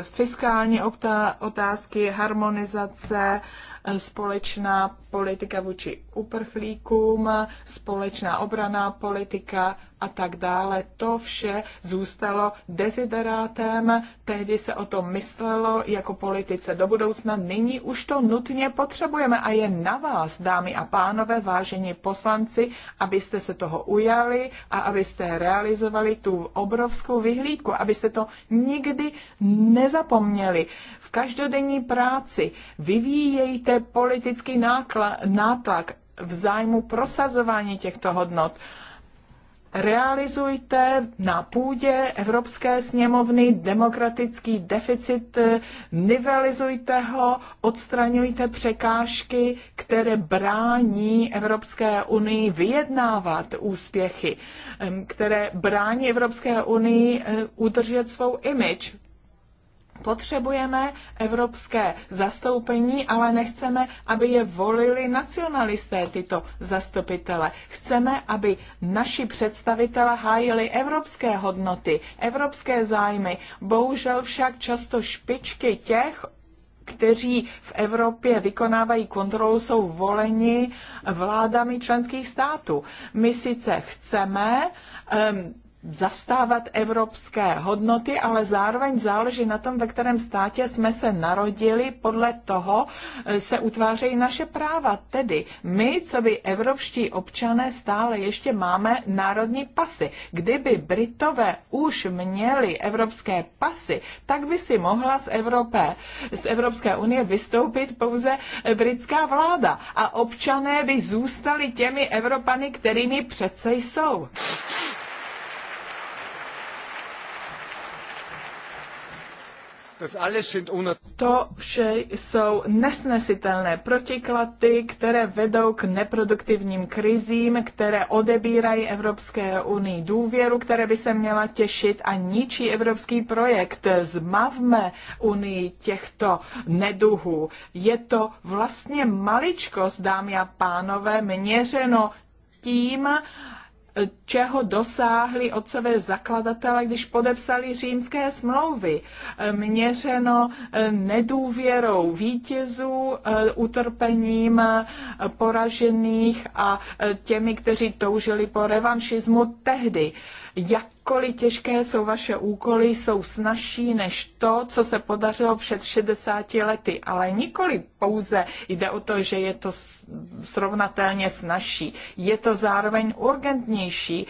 fiskální otázky, harmonizace, e, společná politika vůči uprchlíkům, společná obraná politika, a tak dále. To vše zůstalo deziderátem, tehdy se o tom myslelo jako politice do budoucna, nyní už to nutně potřebujeme a je na vás, dámy a pánové, vážení poslanci, abyste se toho ujali a abyste realizovali tu obrovskou vyhlídku, abyste to nikdy nezapomněli. V každodenní práci vyvíjejte politický nátlak v zájmu prosazování těchto hodnot realizujte na půdě Evropské sněmovny demokratický deficit, eh, nivelizujte ho, odstraňujte překážky, které brání Evropské unii vyjednávat úspěchy, které brání Evropské unii eh, udržet svou image. Potřebujeme evropské zastoupení, ale nechceme, aby je volili nacionalisté, tyto zastupitele. Chceme, aby naši představitele hájili evropské hodnoty, evropské zájmy. Bohužel však často špičky těch, kteří v Evropě vykonávají kontrolu, jsou voleni vládami členských států. My sice chceme, um, zastávat evropské hodnoty, ale zároveň záleží na tom, ve kterém státě jsme se narodili, podle toho eh, se utvářejí naše práva. Tedy my, co by evropští občané, stále ještě máme národní pasy. Kdyby Britové už měli evropské pasy, tak by si mohla z, Evropé, z Evropské unie vystoupit pouze eh, britská vláda a občané by zůstali těmi Evropany, kterými přece jsou. To vše jsou nesnesitelné protiklady, které vedou k neproduktivním krizím, které odebírají Evropské unii důvěru, které by se měla těšit a ničí evropský projekt. Zmavme unii těchto neduhů. Je to vlastně maličkost, dámy a pánové, měřeno tím, čeho dosáhli otcové zakladatele, když podepsali římské smlouvy. Eh, měřeno eh, nedůvěrou vítězů, eh, utrpením poražených a těmi, kteří toužili po revanšismu tehdy. Jak jakkoliv těžké jsou vaše úkoly, jsou snažší než to, co se podařilo před 60 lety. Ale nikoli pouze jde o to, že je to srovnatelně snažší. Je to zároveň urgentnější.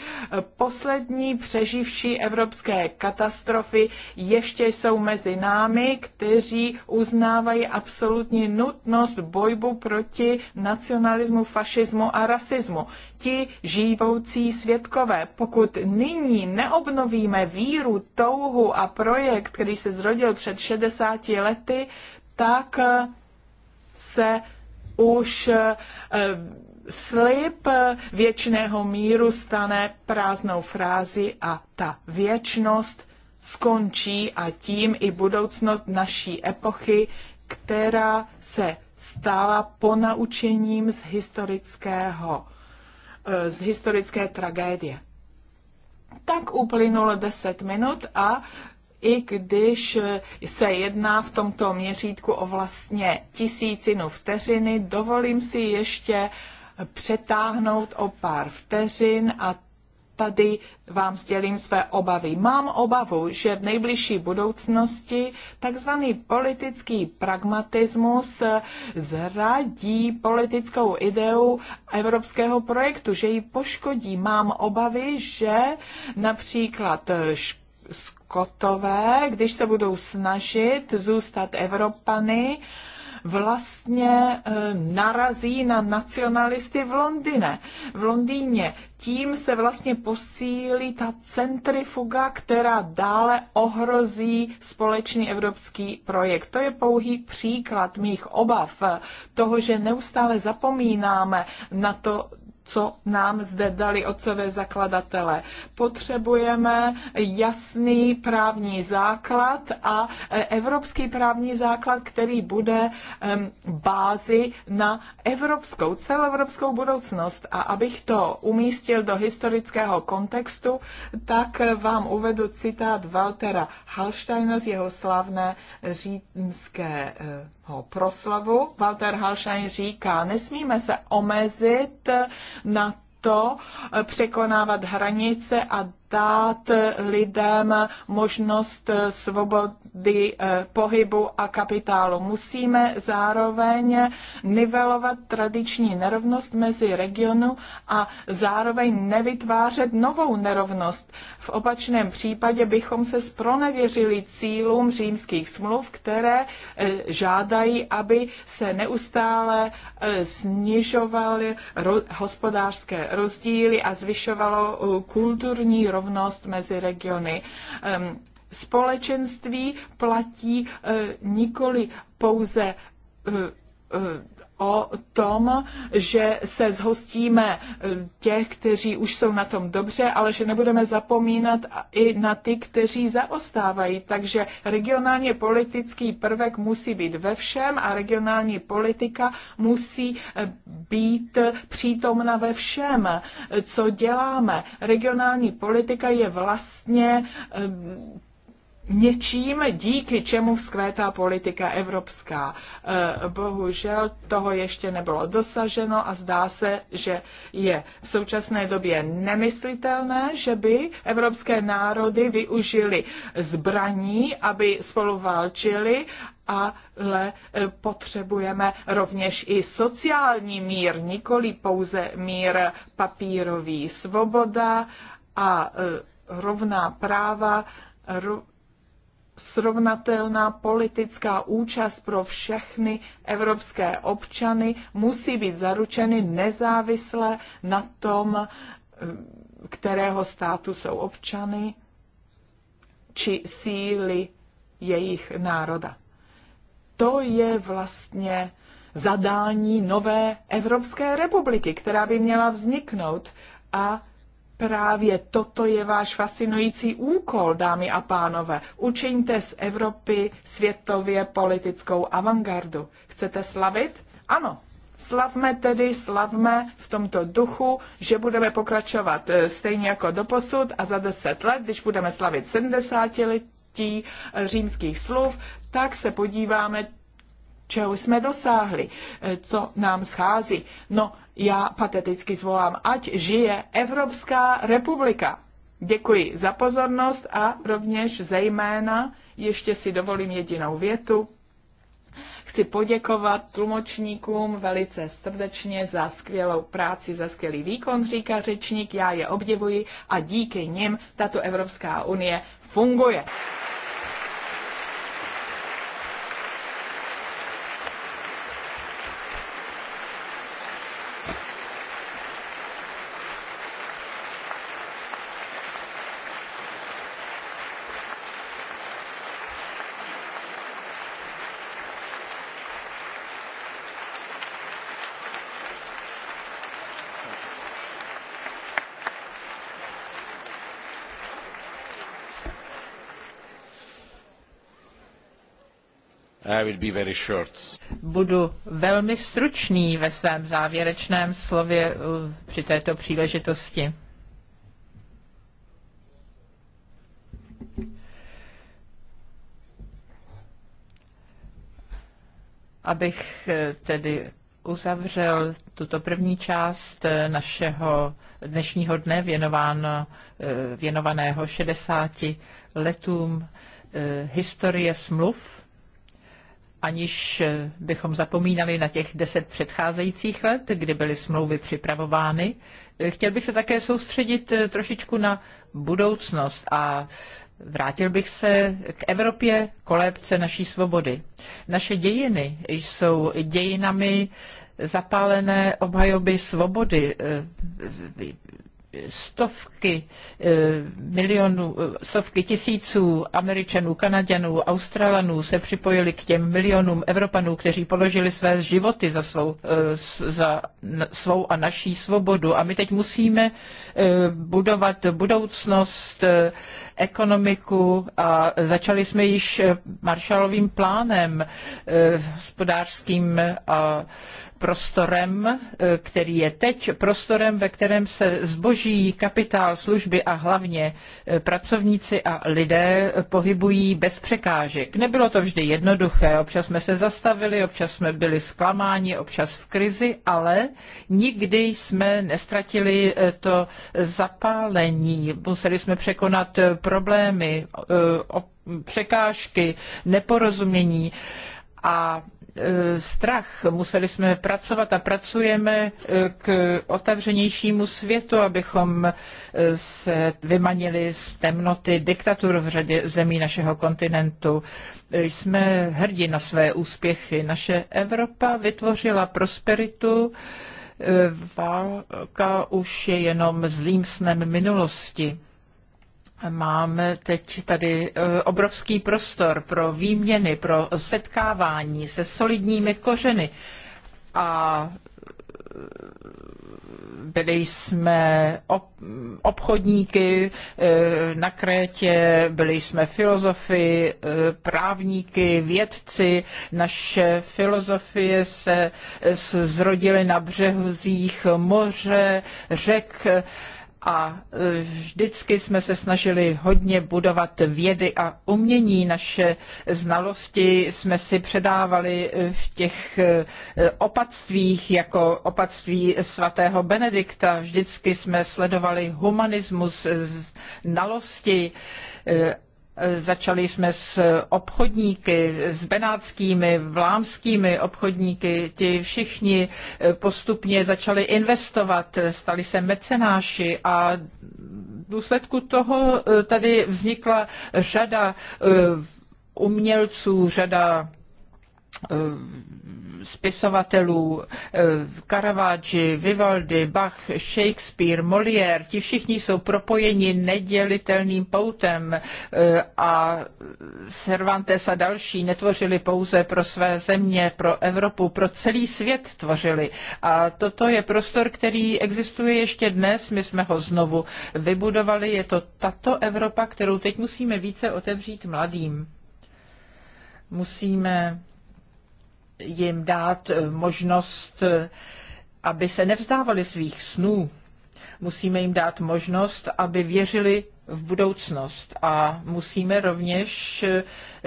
Poslední přeživší evropské katastrofy ještě jsou mezi námi, kteří uznávají absolutní nutnost bojbu proti nacionalismu, fašismu a rasismu. Ti živoucí světkové, pokud nyní ne neobnovíme víru, touhu a projekt, který se zrodil před 60 lety, tak eh, se už eh, eh, slib věčného míru stane prázdnou frázi a ta věčnost skončí a tím i budoucnost naší epochy, která se stála ponaučením z historického, z historické tragédie tak uplynulo 10 minut a i když se jedná v tomto měřítku o vlastně tisícinu vteřiny, dovolím si ještě přetáhnout o pár vteřin a tady vám sdělím své obavy. Mám obavu, že v nejbližší budoucnosti takzvaný politický pragmatismus zradí politickou ideu evropského projektu, že ji poškodí. Mám obavy, že například škotové, když se budou snažit zůstat Evropany, vlastně eh, narazí na nacionalisty v Londýně. V Londýně tím se vlastně posílí ta centrifuga, která dále ohrozí společný evropský projekt. To je pouhý příklad mých obav eh, toho, že neustále zapomínáme na to, co nám zde dali otcové zakladatele. Potřebujeme jasný právní základ a e, evropský právní základ, který bude bázi na evropskou, celoevropskou budoucnost. A abych to umístil do historického kontextu, tak vám uvedu citát Waltera Hallsteina z jeho slavné římské e, proslavu Walter Halschein říká, nesmíme se omezit na to eh, překonávat hranice a dát lidem možnost svobody eh, pohybu a kapitálu. Musíme zároveň nivelovat tradiční nerovnost mezi regionu a zároveň nevytvářet novou nerovnost. V opačném případě bychom se spronevěřili cílům římských smluv, které eh, žádají, aby se neustále eh, snižovaly hospodářské rozdíly a zvyšovalo kulturní rozdíly rovnost mezi regiony. Společenství platí eh, nikoli pouze eh, eh, o tom, že se zhostíme eh, těch, kteří už jsou na tom dobře, ale že nebudeme zapomínat i na ty, kteří zaostávají. Takže regionálně politický prvek musí být ve všem a regionální politika musí eh, být eh, přítomna ve všem, co děláme. Regionální politika je vlastně něčím, díky čemu vzkvétá politika evropská. E, bohužel toho ještě nebylo dosaženo a zdá se, že je v současné době nemyslitelné, že by evropské národy využili zbraní, aby spolu válčili ale e, potřebujeme rovněž i sociální mír, nikoli pouze mír papírový. Svoboda a e, rovná práva, srovnatelná politická účast pro všechny evropské občany musí být zaručeny nezávisle na tom, eh, kterého státu jsou občany či síly jejich národa. To je vlastně zadání nové Evropské republiky, která by měla vzniknout a Právě toto je váš fascinující úkol, dámy a pánové. Učiňte z Evropy světově politickou avantgardu. Chcete slavit? Ano. Slavme tedy, slavme v tomto duchu, že budeme pokračovat eh, stejně jako doposud a za deset let, když budeme slavit 70 letí eh, římských slov, tak se podíváme, čeho jsme dosáhli, eh, co nám schází. No, já pateticky zvolám, ať žije Evropská republika. Děkuji za pozornost a rovněž zejména ještě si dovolím jedinou větu. Chci poděkovat tlumočníkům velice srdečně za skvělou práci, za skvělý výkon, říká řečník, já je obdivuji a díky nim tato Evropská unie funguje. Budu velmi stručný ve svém závěrečném slově uh, při této příležitosti. Abych eh, tedy uzavřel tuto první část eh, našeho dnešního dne věnováno, eh, věnovaného 60 letům historie smluv aniž bychom zapomínali na těch deset předcházejících let, kdy byly smlouvy připravovány. Chtěl bych se také soustředit eh, trošičku na budoucnost a Vrátil bych se k Evropě, kolébce naší svobody. Naše dějiny jsou dějinami zapálené obhajoby svobody, eh, stovky eh, milionů, eh, stovky tisíců Američanů, Kanaděnů, Australanů se připojili k těm milionům Evropanů, kteří položili své životy za svou, eh, za svou a naší svobodu. A my teď musíme budovat budoucnost ekonomiku a začali jsme již eh, Marshallovým plánem eh, hospodářským a eh, prostorem, který je teď prostorem, ve kterém se zboží, kapitál, služby a hlavně pracovníci a lidé pohybují bez překážek. Nebylo to vždy jednoduché, občas jsme se zastavili, občas jsme byli zklamáni, občas v krizi, ale nikdy jsme nestratili to zapálení. Museli jsme překonat problémy, e, překážky, neporozumění a e, strach. Museli jsme pracovat a pracujeme e, k otevřenějšímu světu, abychom se vymanili z temnoty diktatur v řadě zemí našeho kontinentu. Jsme hrdí na své úspěchy. Naše Evropa vytvořila prosperitu. Válka už je jenom zlým snem minulosti. Máme teď tady e, obrovský prostor pro výměny, pro setkávání se solidními kořeny. A e, byli jsme obchodníky e, na Krétě, byli jsme filozofy, právníky, vědci. Naše filozofie se zrodily na břehozích moře, řek a e, vždycky jsme se snažili hodně budovat vědy a umění. Naše znalosti jsme si předávali e, v těch e, opatstvích, jako opatství svatého Benedikta. Vždycky jsme sledovali humanismus, znalosti Začali jsme s obchodníky, s benátskými, vlámskými obchodníky. Ti všichni postupně začali investovat, stali se mecenáši a v důsledku toho eh, tady vznikla řada eh, umělců, řada Eh, spisovatelů eh, Caravaggio, Vivaldi, Bach, Shakespeare, Molière, ti všichni jsou propojeni nedělitelným poutem eh, a Cervantes a další netvořili pouze pro své země, pro Evropu, pro celý svět tvořili. A toto je prostor, který existuje ještě dnes, my jsme ho znovu vybudovali, je to tato Evropa, kterou teď musíme více otevřít mladým. Musíme jim dát eh, možnost, eh, aby se nevzdávali svých snů. Musíme jim dát možnost, aby věřili v budoucnost a musíme rovněž eh,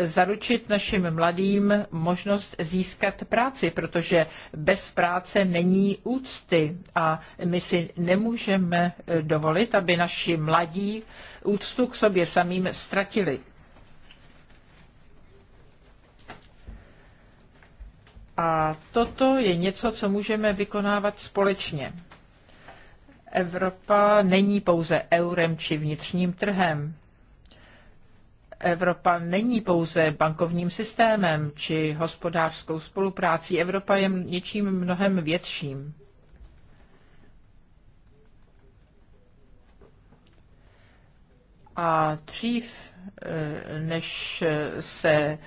zaručit našim mladým možnost získat práci, protože bez práce není úcty a my si nemůžeme dovolit, aby naši mladí úctu k sobě samým ztratili. A toto je něco, co můžeme vykonávat společně. Evropa není pouze eurem či vnitřním trhem. Evropa není pouze bankovním systémem či hospodářskou spoluprácí. Evropa je něčím mnohem větším. A dřív, eh, než se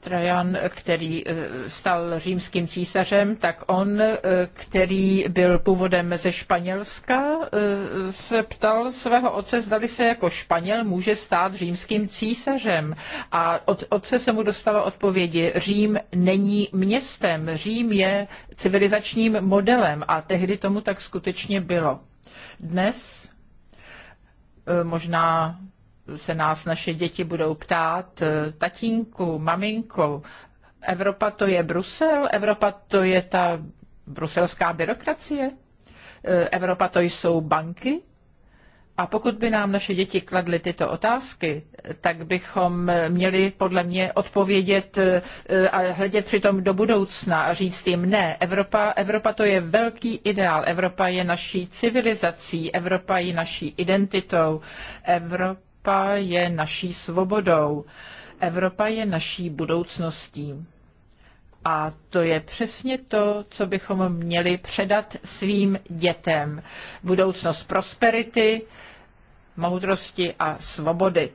Trajan, který eh, stal římským císařem, tak on, eh, který byl původem ze Španělska, eh, se ptal svého otce, zdali se jako Španěl může stát římským císařem. A od otce se mu dostalo odpovědi, Řím není městem, Řím je civilizačním modelem a tehdy tomu tak skutečně bylo. Dnes možná se nás naše děti budou ptát, e, tatínku, maminku, Evropa to je Brusel, Evropa to je ta bruselská byrokracie, e, Evropa to jsou banky, a pokud by nám naše děti kladly tyto otázky, tak bychom měli podle mě odpovědět e, a hledět přitom do budoucna a říct jim ne. Evropa, Evropa to je velký ideál. Evropa je naší civilizací, Evropa je naší identitou. Evropa Evropa je naší svobodou. Evropa je naší budoucností. A to je přesně to, co bychom měli předat svým dětem. Budoucnost prosperity, moudrosti a svobody.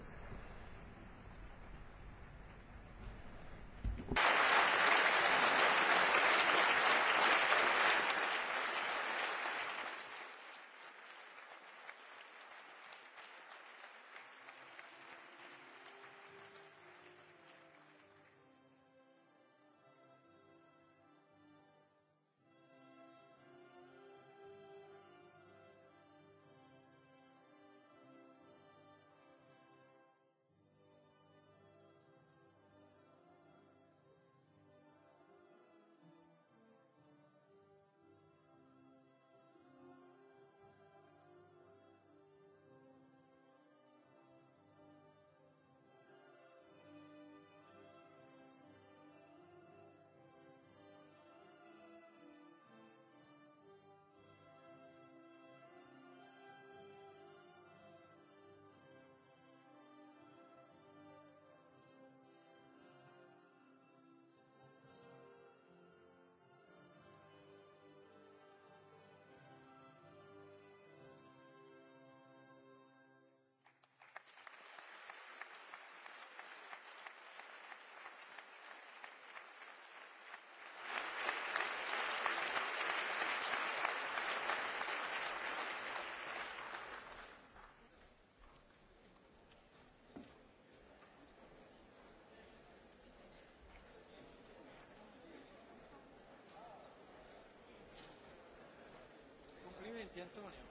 Antonio.